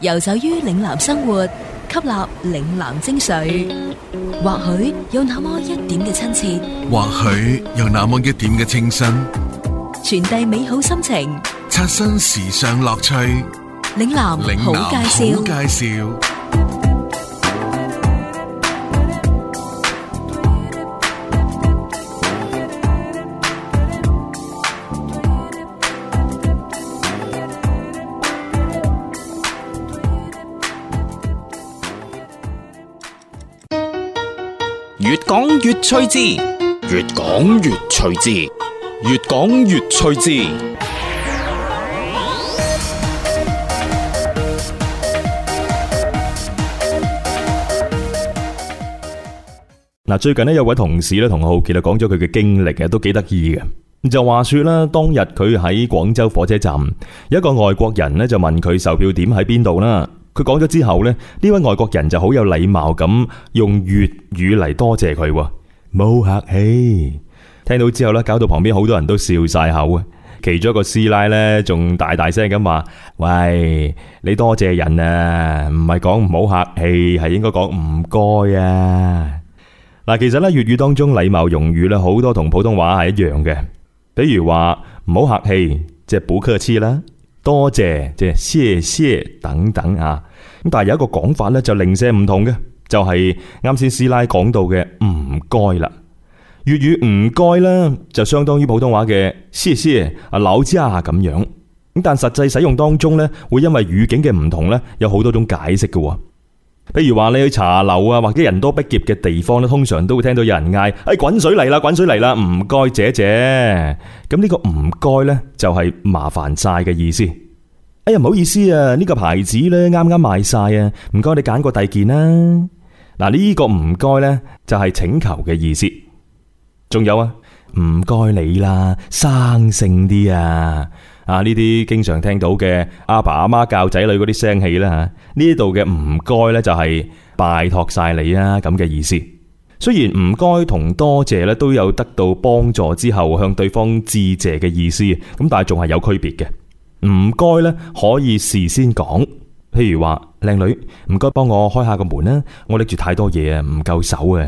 遊走於嶺南生活，吸納嶺南精髓，或許有那麼一點嘅親切，或許有那麼一點嘅清新，傳遞美好心情，刷新時尚樂趣。嶺南好介紹，嶺南好介紹。越吹之，越講越趣之。越講越趣字。嗱，最近咧有位同事咧同浩杰講咗佢嘅經歷嘅，都幾得意嘅。就話說啦，當日佢喺廣州火車站，一個外國人咧就問佢售票點喺邊度啦。佢講咗之後咧，呢位外國人就好有禮貌咁用粵語嚟多謝佢喎，冇客氣。聽到之後咧，搞到旁邊好多人都笑晒口啊！其中一個師奶呢，仲大大聲咁話：喂，你多謝人啊，唔係講唔好客氣，係應該講唔該啊！嗱，其實呢，粵語當中禮貌用語咧，好多同普通話係一樣嘅，比如話唔好客氣，即係不客氣啦；多謝，即係謝謝等等啊。咁但係有一個講法咧，就零舍唔同嘅，就係啱先師奶講到嘅唔該啦，粵語唔該啦，就相當於普通話嘅謝謝啊、勞駕啊咁樣。咁但實際使用當中咧，會因為語境嘅唔同咧，有好多種解釋嘅。譬如話你去茶樓啊，或者人多逼劫嘅地方咧，通常都會聽到有人嗌：，哎滾水嚟啦，滾水嚟啦，唔該姐姐。咁、這、呢個唔該咧就係麻煩晒嘅意思。哎呀，唔好意思啊剛剛、這個，呢個牌子呢啱啱賣晒啊，唔該你揀個第二件啦。嗱，呢個唔該呢，就係、是、請求嘅意思。仲有啊，唔該你啦，生性啲啊。啊，呢啲經常聽到嘅阿爸阿媽教仔女嗰啲聲氣啦。呢度嘅唔該呢，就係、是、拜託晒你啊咁嘅意思。雖然唔該同多謝呢，都有得到幫助之後向對方致謝嘅意思，咁但係仲係有區別嘅。唔該咧，可以事先講，譬如話，靚女，唔該幫我開下個門啦，我拎住太多嘢啊，唔夠手啊。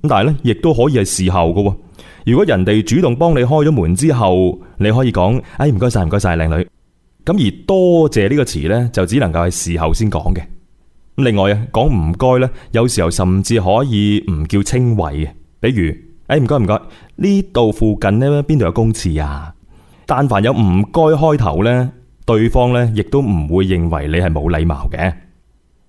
咁但係咧，亦都可以係事後噶。如果人哋主動幫你開咗門之後，你可以講，哎，唔該晒，唔該晒，靚女。咁而多謝呢個詞咧，就只能夠係事後先講嘅。另外啊，講唔該咧，有時候甚至可以唔叫稱謂嘅，比如，哎，唔該，唔該，呢度附近呢邊度有公廁啊？但凡有唔該開頭呢，對方呢亦都唔會認為你係冇禮貌嘅。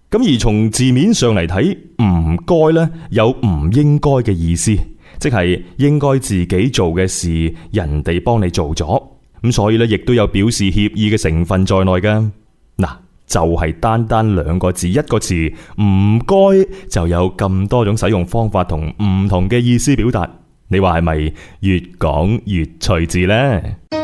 咁而從字面上嚟睇，唔該呢有唔應該嘅意思，即係應該自己做嘅事，人哋幫你做咗。咁所以呢，亦都有表示協議嘅成分在內嘅。嗱，就係單單兩個字一個詞，唔該就有咁多種使用方法同唔同嘅意思表達。你話係咪越講越趣字呢？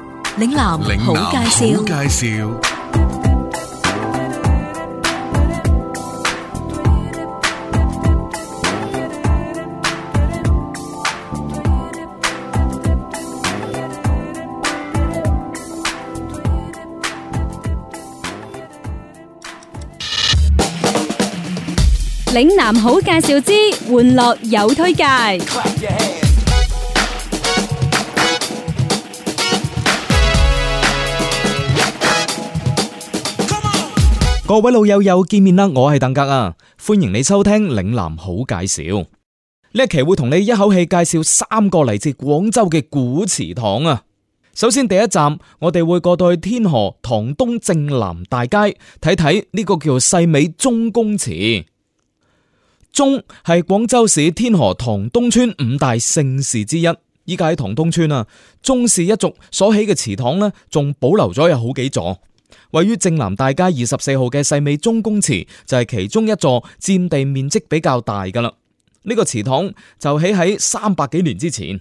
嶺南好介紹，嶺南好介紹。嶺南好介紹之玩樂有推介。各位老友又見面啦，我係鄧格啊，歡迎你收聽嶺南好介紹。呢期會同你一口氣介紹三個嚟自廣州嘅古祠堂啊。首先第一站，我哋會過到去天河棠東正南大街，睇睇呢個叫做世美中公祠。宗係廣州市天河棠東村五大姓氏之一，依家喺棠東村啊，宗氏一族所起嘅祠堂呢，仲保留咗有好幾座。位於正南大街二十四號嘅世美中公祠就係其中一座，佔地面積比較大噶啦。呢、呢個祠堂就起喺三百幾年之前，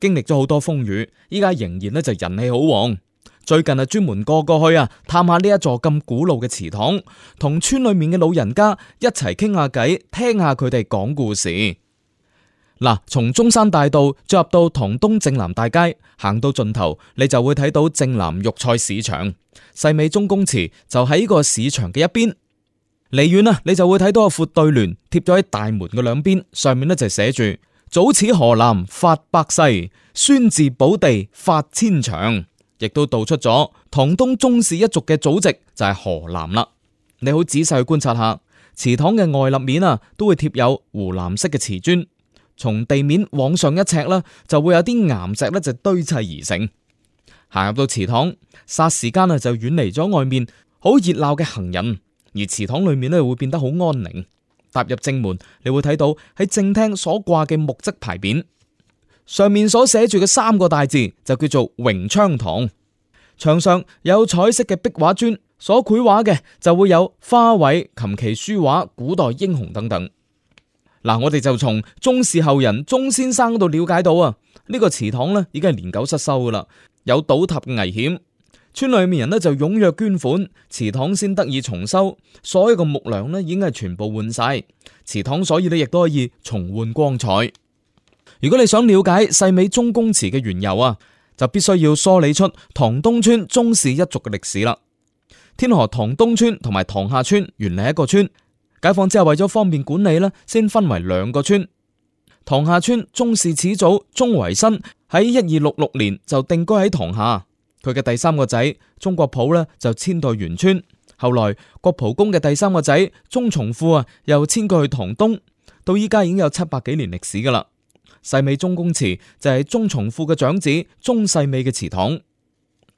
經歷咗好多風雨，依家仍然咧就人氣好旺。最近啊，專門過過去啊，探下呢一座咁古老嘅祠堂，同村裏面嘅老人家一齊傾下偈，聽下佢哋講故事。嗱，從中山大道進入到棠東正南大街，行到盡頭，你就會睇到正南肉菜市場。細美鍾公祠就喺呢個市場嘅一邊。離遠啦，你就會睇到個闊對聯貼咗喺大門嘅兩邊，上面咧就係寫住“祖祠河南發百世，孫子寶地發千祥”，亦都道出咗棠東鍾氏一族嘅祖籍就係河南啦。你好仔細去觀察下，祠堂嘅外立面啊，都會貼有湖藍色嘅瓷磚。從地面往上一尺啦，就會有啲岩石，咧就堆砌而成。行入到祠堂，霎時間啊就遠離咗外面好熱鬧嘅行人，而祠堂裏面咧會變得好安寧。踏入正門，你會睇到喺正廳所掛嘅木質牌匾，上面所寫住嘅三個大字就叫做榮昌堂。牆上有彩色嘅壁畫磚，所繪畫嘅就會有花卉、琴棋書畫、古代英雄等等。嗱，我哋就從鍾氏後人鍾先生度了解到啊，這個、呢個祠堂呢已經係年久失修噶啦，有倒塌嘅危險。村裏面人呢就踴躍捐款，祠堂先得以重修。所有嘅木梁呢已經係全部換晒，祠堂所以咧亦都可以重煥光彩。如果你想了解世美鍾公祠嘅緣由啊，就必須要梳理出棠東村鍾氏一族嘅歷史啦。天河棠東村同埋棠下村原來係一個村。解放之後，為咗方便管理呢，先分為兩個村。塘下村，鍾氏始祖鍾維新喺一二六六年就定居喺塘下，佢嘅第三個仔鍾國普呢，就遷到元村。後來國普公嘅第三個仔鍾從富啊，又遷過去塘東，到依家已經有七百幾年歷史噶啦。細美鍾公祠就係鍾從富嘅長子鍾世美嘅祠堂。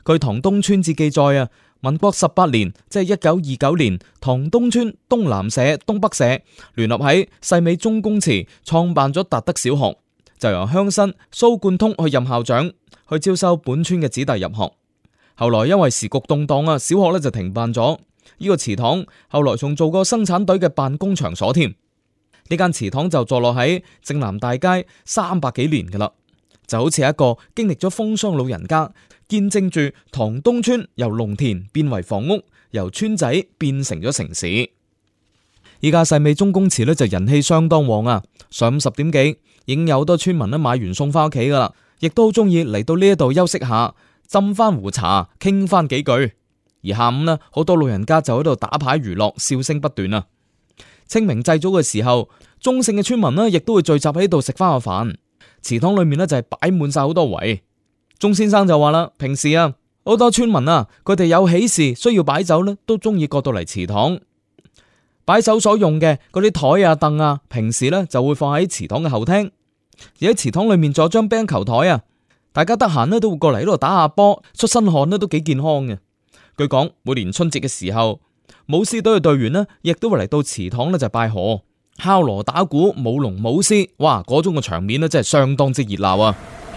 據塘東村志記載啊。民國十八年，即係一九二九年，唐東村東南社、東北社聯合喺世美中公祠創辦咗達德小學，就由鄉紳蘇冠通去任校長，去招收本村嘅子弟入學。後來因為時局動蕩啊，小學咧就停辦咗。呢、這個祠堂後來仲做過生產隊嘅辦公場所添。呢間祠堂就坐落喺正南大街，三百幾年㗎喇，就好似一個經歷咗風霜老人家。見證住棠東村由農田變為房屋，由村仔變成咗城市。依家細美中公祠咧就人氣相當旺啊！上午十點幾，已經有好多村民咧買完餸翻屋企噶啦，亦都好中意嚟到呢一度休息下，斟翻壺茶，傾翻幾句。而下午呢，好多老人家就喺度打牌娛樂，笑聲不斷啊！清明祭祖嘅時候，鍾姓嘅村民呢，亦都會聚集喺度食翻個飯。祠堂裏面呢，就係擺滿晒好多圍。鍾先生就話啦，平時啊好多村民啊佢哋有喜事需要擺酒呢，都中意過到嚟祠堂。擺酒所用嘅嗰啲台啊凳啊，平時呢就會放喺祠堂嘅後廳。而喺祠堂裏面仲有張乒乓球台啊，大家得閒呢都會過嚟呢度打下波，出身汗咧都幾健康嘅。據講每年春節嘅時候，舞獅隊嘅隊員呢，亦都會嚟到祠堂呢，就是、拜賀、敲鑼打鼓舞龍舞獅，哇嗰種嘅場面呢，真係相當之熱鬧啊！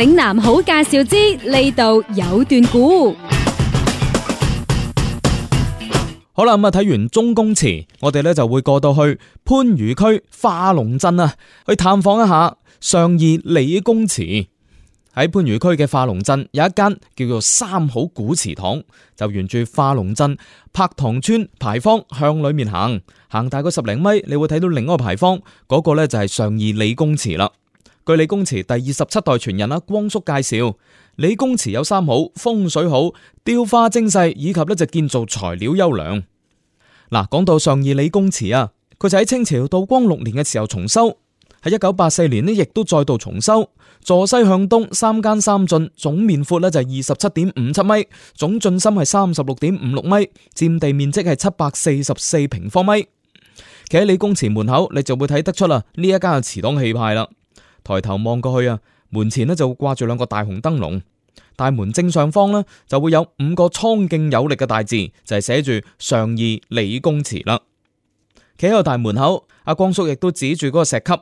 嶺南好介紹之，呢度有段古。好啦，咁啊睇完中公祠，我哋呢就會過到去番禺區化龍鎮啊，去探訪一下尚義李公祠。喺番禺區嘅化龍鎮有一間叫做三好古祠堂，就沿住化龍鎮柏塘村牌坊向裏面行，行大概十零米，你會睇到另一個牌坊，嗰、那個呢就係尚義李公祠啦。據李公祠第二十七代傳人啊，光叔介紹，李公祠有三好：風水好、雕花精細，以及咧就建造材料優良。嗱，講到上二李公祠啊，佢就喺清朝道光六年嘅時候重修，喺一九八四年呢亦都再度重修。坐西向東，三間三進，總面闊呢就二十七點五七米，總進深係三十六點五六米，占地面積係七百四十四平方米。企喺李公祠門口，你就會睇得出啦呢一間嘅祠堂氣派啦。抬頭望過去啊，門前咧就掛住兩個大紅燈籠，大門正上方咧就會有五個蒼勁有力嘅大字，就係寫住上義李公祠啦。企喺個大門口，阿光叔亦都指住嗰個石級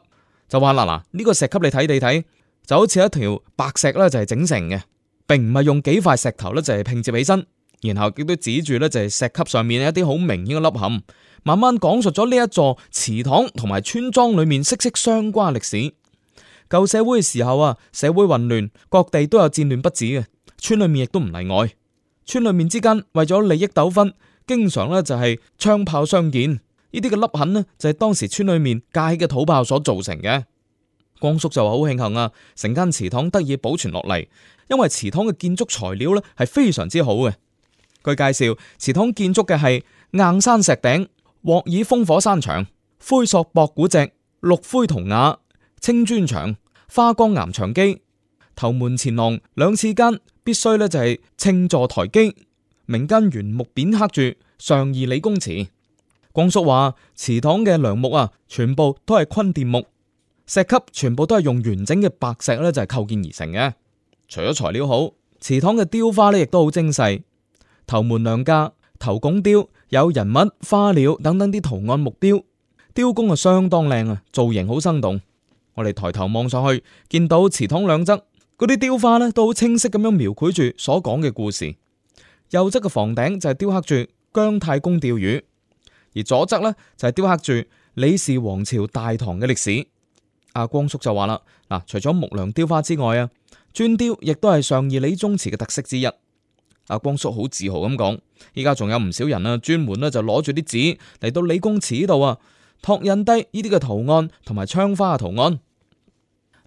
就話啦嗱，呢個石級你睇你睇就好似一條白石咧，就係整成嘅，並唔係用幾塊石頭咧就係拼接起身。然後亦都指住咧就係石級上面一啲好明顯嘅凹陷，慢慢講述咗呢一座祠堂同埋村莊裏面息息相關歷史。舊社會嘅時候啊，社會混亂，各地都有戰亂不止嘅，村裏面亦都唔例外。村裏面之間為咗利益糾紛，經常咧就係槍炮相見。呢啲嘅凹痕咧就係當時村裏面架起嘅土炮所造成嘅。光叔就好慶幸啊，成間祠堂得以保存落嚟，因為祠堂嘅建築材料咧係非常之好嘅。據介紹，祠堂建築嘅係硬山石頂，鑊耳風火山牆，灰塑博古脊，綠灰筒瓦。青磚牆、花崗岩牆基、頭門前廊兩次間，必須咧就係、是、稱做台基，明間原木匾刻住上二理公祠。光叔話，祠堂嘅梁木啊，全部都係坤甸木，石級全部都係用完整嘅白石咧，就係、是、構建而成嘅。除咗材料好，祠堂嘅雕花咧亦都好精細。頭門梁架頭拱雕有人物、花鳥等等啲圖案木雕，雕工啊相當靚啊，造型好生動。我哋抬頭望上去，見到祠堂兩側嗰啲雕花咧，都好清晰咁樣描繪住所講嘅故事。右側嘅房頂就係雕刻住姜太公釣魚，而左側呢，就係雕刻住李氏王朝大唐嘅歷史。阿光叔就話啦：嗱，除咗木梁雕花之外啊，磚雕亦都係上二李宗祠嘅特色之一。阿光叔好自豪咁講，依家仲有唔少人啊，專門咧就攞住啲紙嚟到李公祠度啊，拓印低呢啲嘅圖案同埋窗花嘅圖案。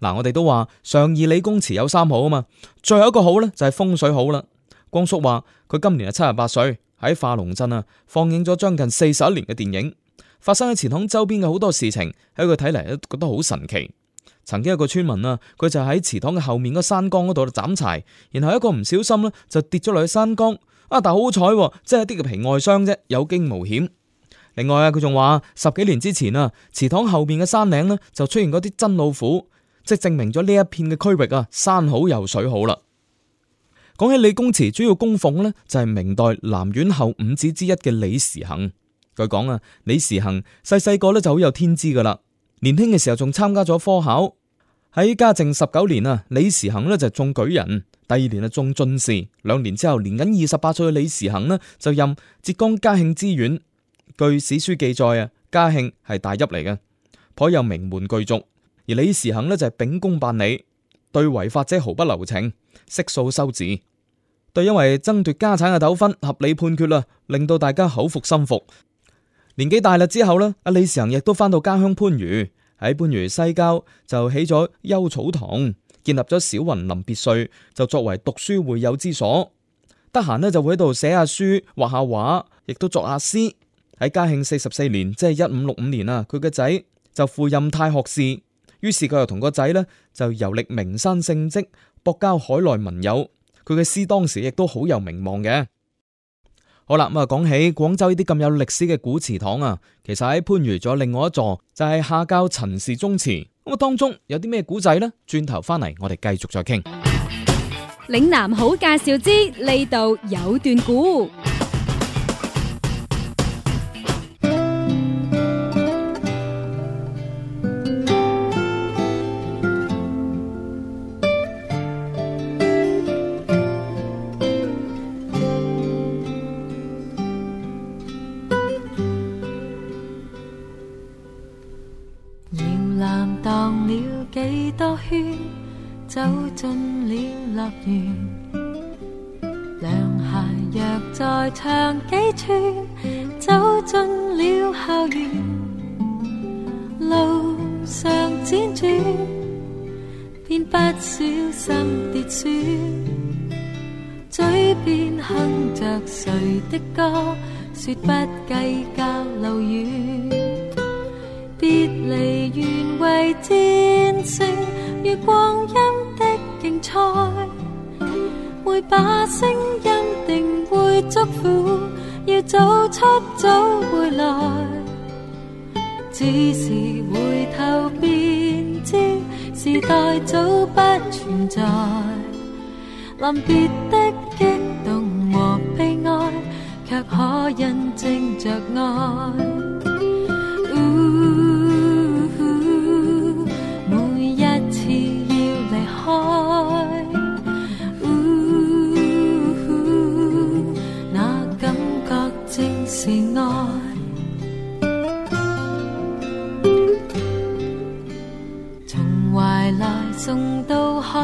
嗱，我哋都話上義理公祠有三好啊嘛，最後一個好咧就係、是、風水好啦。光叔話佢今年係七十八歲，喺化龍鎮啊放映咗將近四十一年嘅電影。發生喺祠堂周邊嘅好多事情喺佢睇嚟都覺得好神奇。曾經有個村民啊，佢就喺祠堂嘅後面嗰山崗嗰度斬柴，然後一個唔小心咧就跌咗落去山崗。啊，但好彩，即係一啲嘅皮外傷啫，有驚無險。另外啊，佢仲話十幾年之前啊，祠堂後面嘅山嶺咧就出現嗰啲真老虎。即係證明咗呢一片嘅區域啊，山好又水好啦。講起李公祠，主要供奉呢就係、是、明代南苑後五子之一嘅李時行。據講啊，李時行細細個呢就好有天資噶啦。年輕嘅時候仲參加咗科考，喺嘉靖十九年啊，李時行呢就中舉人，第二年啊中進士。兩年之後，年僅二十八歲嘅李時行呢就任浙江嘉興知縣。據史書記載啊，嘉興係大邑嚟嘅，頗有名門巨族。李時衡咧就係秉公辦理，對違法者毫不留情，息訴收治。對因為爭奪家產嘅糾紛，合理判決啦，令到大家口服心服。年紀大啦之後咧，阿李時衡亦都翻到家鄉番禺，喺番禺西郊就起咗幽草堂，建立咗小雲林別墅，就作為讀書會友之所。得閒呢，就會喺度寫下書、畫下畫，亦都作下詩。喺嘉慶四十四年，即係一五六五年啊，佢嘅仔就赴任太學士。於是佢又同個仔咧就遊歷名山聖跡，博交海內外文友。佢嘅詩當時亦都好有名望嘅。好啦，咁啊講起廣州呢啲咁有歷史嘅古祠堂啊，其實喺番禺仲有另外一座，就係下滘陳氏宗祠。咁啊當中有啲咩古仔呢？轉頭翻嚟我哋繼續再傾。嶺南好介紹之，呢度有段古。戰勝如光陰的競賽，每把聲音定會祝福。要早出早回來。只是回頭便知，時代早不存在。臨別的激動和悲哀，卻可印證着愛。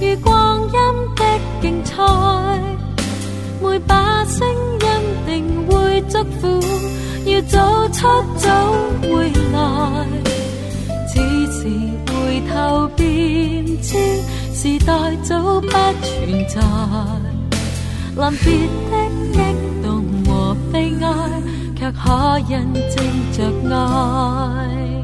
如光陰的競賽，每把聲音定會祝福，要走出早回來。此時回頭便知，時代早不存在。臨別的激動和悲哀，卻可印證着愛。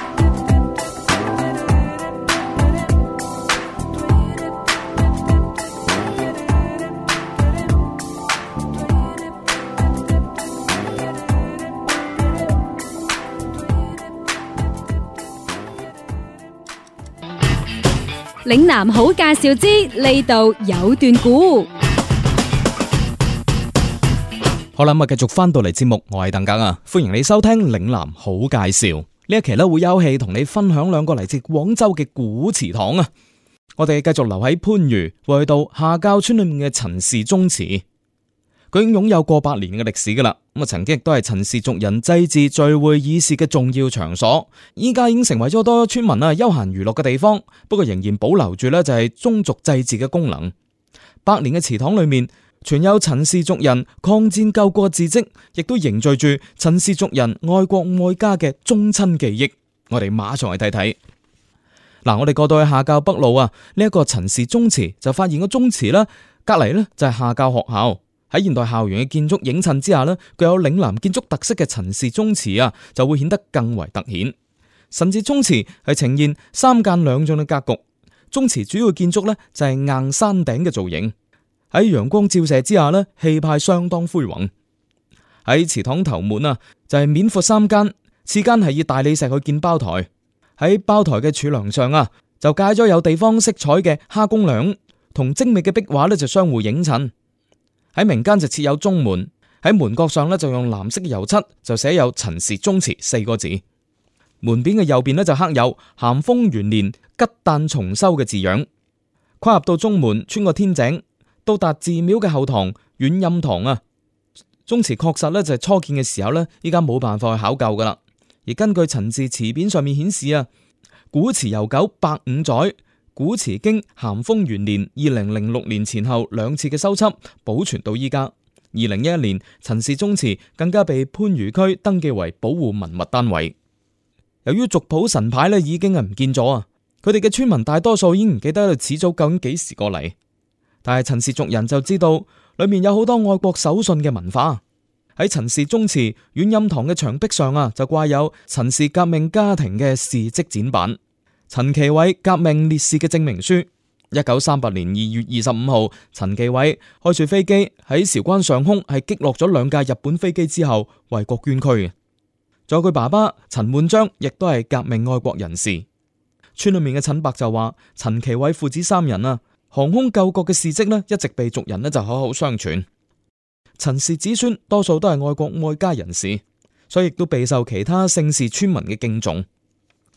嶺南好介紹之「呢度有段古」。好啦，我繼續翻到嚟節目，我係鄧耿啊，歡迎你收聽嶺南好介紹呢一期呢，會休氣，同你分享兩個嚟自廣州嘅古祠堂啊，我哋繼續留喺番禺，回到下滘村裏面嘅陳氏宗祠，佢已經擁有過百年嘅歷史噶啦。咁啊，曾經亦都係陳氏族人祭祀聚會議事嘅重要場所，依家已經成為咗多村民啊休閒娛樂嘅地方。不過仍然保留住呢，就係宗族祭祀嘅功能。百年嘅祠堂裏面，存有陳氏族人抗戰救國字跡，亦都凝聚住陳氏族人愛國愛家嘅忠親記憶。我哋馬上去睇睇。嗱，我哋過到去下滘北路啊，呢一個陳氏宗祠就發現個宗祠啦，隔籬呢就係下滘學校。喺現代校園嘅建築映襯之下呢，具有嶺南建築特色嘅陳氏宗祠啊，就會顯得更為突顯。陳氏宗祠係呈現三間兩進嘅格局，宗祠主要建築呢，就係硬山頂嘅造型。喺陽光照射之下呢，氣派相當恢宏。喺祠堂頭門啊，就係面闊三間，次間係以大理石去建包台。喺包台嘅柱梁上啊，就架咗有地方色彩嘅蝦公梁，同精美嘅壁畫呢，就相互映襯。喺民間就設有中門，喺門角上咧就用藍色嘅油漆就寫有陳氏宗祠四個字。門邊嘅右邊呢，就刻有咸豐元年吉旦重修嘅字樣。跨入到中門，穿過天井，到達寺廟嘅後堂遠蔭堂啊。宗祠確實咧就係初建嘅時候咧，依家冇辦法去考究噶啦。而根據陳氏祠匾上面顯示啊，古祠悠久百五載。古祠經咸豐元年二零零六年前後兩次嘅修葺，保存到依家，二零一一年陳氏宗祠更加被番禺區登記為保護文物單位。由於族譜神牌咧已經係唔見咗啊，佢哋嘅村民大多數已經唔記得咗始祖究竟幾時過嚟，但係陳氏族人就知道裏面有好多愛國守信嘅文化。喺陳氏宗祠阮蔭堂嘅牆壁上啊，就掛有陳氏革命家庭嘅事蹟展板。陳其偉革命烈士嘅證明書，一九三八年二月二十五號，陳其偉開住飛機喺韶關上空係擊落咗兩架日本飛機之後為國捐軀嘅。仲有佢爸爸陳煥章，亦都係革命愛國人士。村裏面嘅陳伯就話：陳其偉父子三人啊，航空救國嘅事蹟呢，一直被族人呢就好好相傳。陳氏子孫多數都係愛國愛家人士，所以亦都備受其他姓氏村民嘅敬重。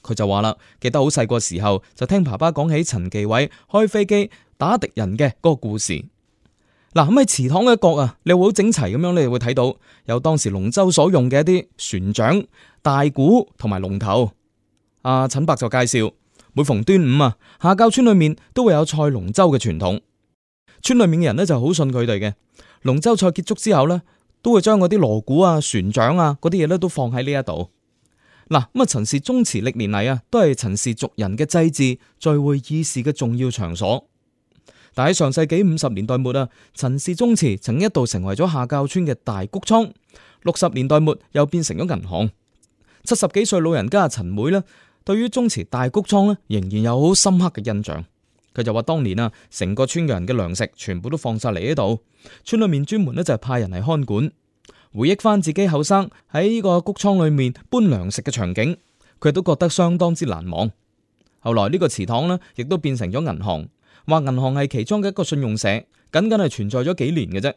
佢就話啦，記得好細個時候就聽爸爸講起陳其偉開飛機打敵人嘅嗰個故事。嗱，咁喺祠堂嘅一角啊，你會好整齊咁樣，你哋會睇到有當時龍舟所用嘅一啲船槳、大鼓同埋龍頭。阿、啊、陳伯就介紹，每逢端午啊，下滘村裏面都會有賽龍舟嘅傳統。村裏面嘅人咧就好信佢哋嘅龍舟賽結束之後呢，都會將嗰啲鑼鼓啊、船槳啊嗰啲嘢咧都放喺呢一度。嗱，咁啊、嗯，陳氏宗祠歷年嚟，啊，都係陳氏族人嘅祭祀、聚會議事嘅重要場所。但喺上世紀五十年代末啊，陳氏宗祠曾一度成為咗下滘村嘅大谷倉。六十年代末又變成咗銀行。七十幾歲老人家陳妹呢，對於宗祠大谷倉呢，仍然有好深刻嘅印象。佢就話當年啊，成個村嘅人嘅糧食全部都放晒嚟呢度，村裏面專門呢，就係派人嚟看管。回憶翻自己後生喺呢個谷倉裏面搬糧食嘅場景，佢都覺得相當之難忘。後來呢個祠堂呢，亦都變成咗銀行，話銀行係其中嘅一個信用社，僅僅係存在咗幾年嘅啫。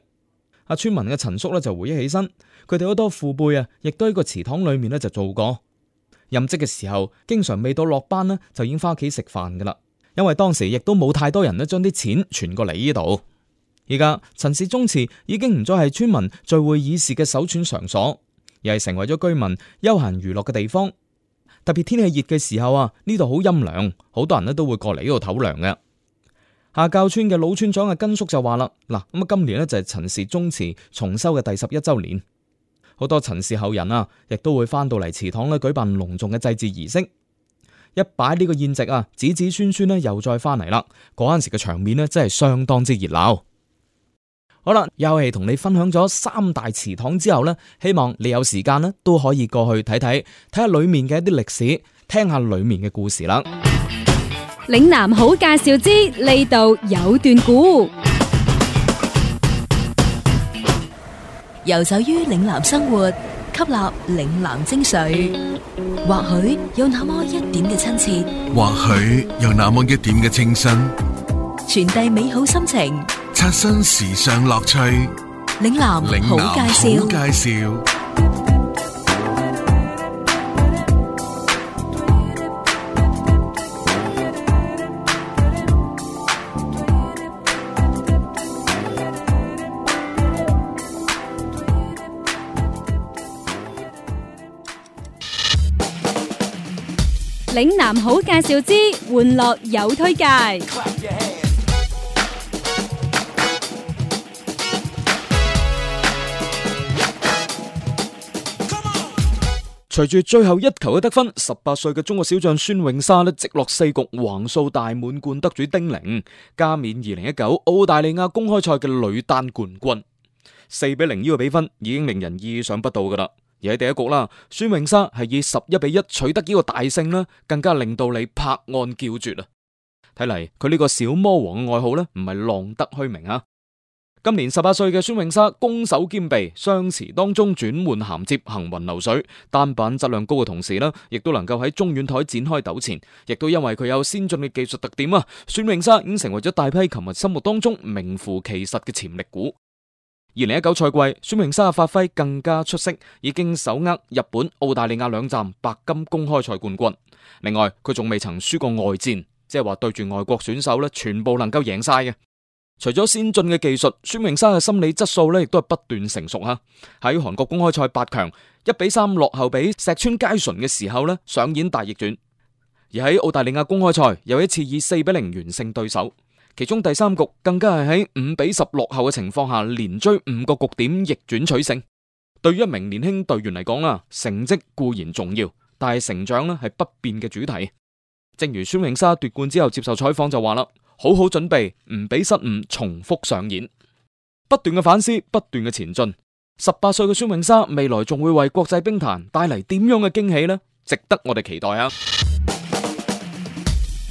阿村民嘅陳叔咧就回憶起身，佢哋好多父輩啊，亦都喺個祠堂裏面咧就做過。任職嘅時候，經常未到落班呢，就已經翻屋企食飯噶啦，因為當時亦都冇太多人咧將啲錢傳過嚟呢度。而家陳氏宗祠已經唔再係村民聚會議事嘅首選場所，而係成為咗居民休閒娛樂嘅地方。特別天氣熱嘅時候啊，呢度好陰涼，好多人咧都會過嚟呢度唞涼嘅。下滘村嘅老村長嘅根叔就話啦：嗱咁啊，今年呢就係陳氏宗祠重修嘅第十一周年，好多陳氏後人啊，亦都會翻到嚟祠堂咧舉辦隆重嘅祭祀儀式。一擺呢個宴席啊，子子孫孫咧又再翻嚟啦。嗰陣時嘅場面呢，真係相當之熱鬧。好啦，又係同你分享咗三大祠堂之後呢，希望你有時間咧都可以過去睇睇，睇下裏面嘅一啲歷史，聽下裏面嘅故事啦。嶺南好介紹之，呢度有段古，遊走於嶺南生活，吸納嶺南精髓，或許有那麼一點嘅親切，或許有那麼一點嘅清新，傳遞美好心情。新時尚樂趣，嶺南好介紹。嶺南好介紹之玩樂有推介。隨住最後一球嘅得分，十八歲嘅中國小將孫穎莎呢，直落四局橫掃大滿貫得主丁寧，加冕二零一九澳大利亞公開賽嘅女單冠軍。四比零呢個比分已經令人意想不到噶啦。而喺第一局啦，孫穎莎係以十一比一取得呢個大勝啦，更加令到你拍案叫絕啊！睇嚟，佢呢個小魔王嘅愛好呢，唔係浪得虛名啊！今年十八歲嘅孫穎莎攻守兼備，雙持當中轉換銜接行雲流水，單板質量高嘅同時呢，亦都能夠喺中遠台展開糾纏。亦都因為佢有先進嘅技術特點啊，孫穎莎已經成為咗大批球迷心目當中名副其實嘅潛力股。二零一九賽季，孫穎莎嘅發揮更加出色，已經手握日本、澳大利亞兩站白金公開賽冠軍。另外，佢仲未曾輸過外戰，即係話對住外國選手呢，全部能夠贏晒嘅。除咗先進嘅技術，孫穎莎嘅心理質素咧，亦都係不斷成熟吓。喺韓國公開賽八強，一比三落後俾石川佳純嘅時候呢，上演大逆轉；而喺澳大利亞公開賽，又一次以四比零完勝對手，其中第三局更加係喺五比十落後嘅情況下，連追五個局點逆轉取勝。對於一名年輕隊員嚟講啊，成績固然重要，但係成長呢係不變嘅主題。正如孫穎莎奪冠之後接受採訪就話啦。好好準備，唔俾失誤重複上演。不斷嘅反思，不斷嘅前進。十八歲嘅孫穎莎，未來仲會為國際乒壇帶嚟點樣嘅驚喜呢？值得我哋期待啊！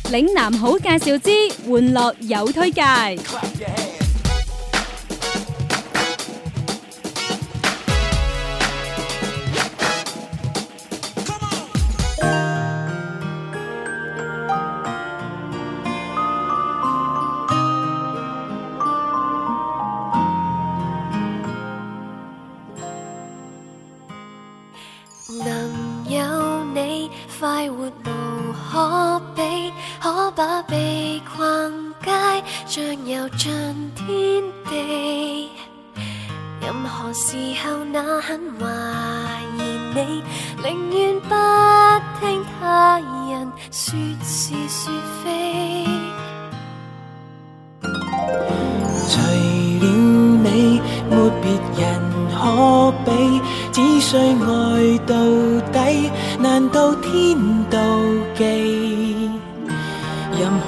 嶺南好介紹之，玩樂有推介。快活無可比，可把被困街像遊盡天地。任何時候哪肯懷疑你，寧願不聽他人説是説非。除了你，沒別人可比，只需愛。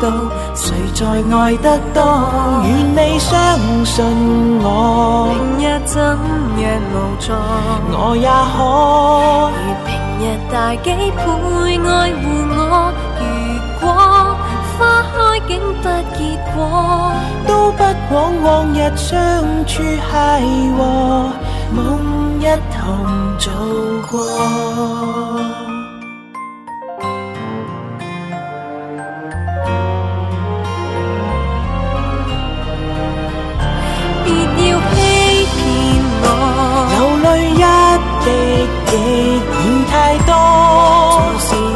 到誰在愛得多？願你相信我，明日怎樣無助？我也可如平日大幾倍愛護我。如果花開竟不結果，都不枉往日相處諧和，夢一同做過。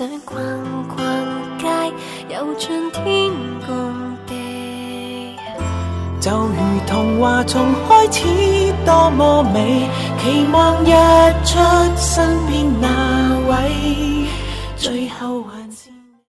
想逛逛街，遊盡天共地，就如童話，從開始，多麼美，期望日出身邊那位。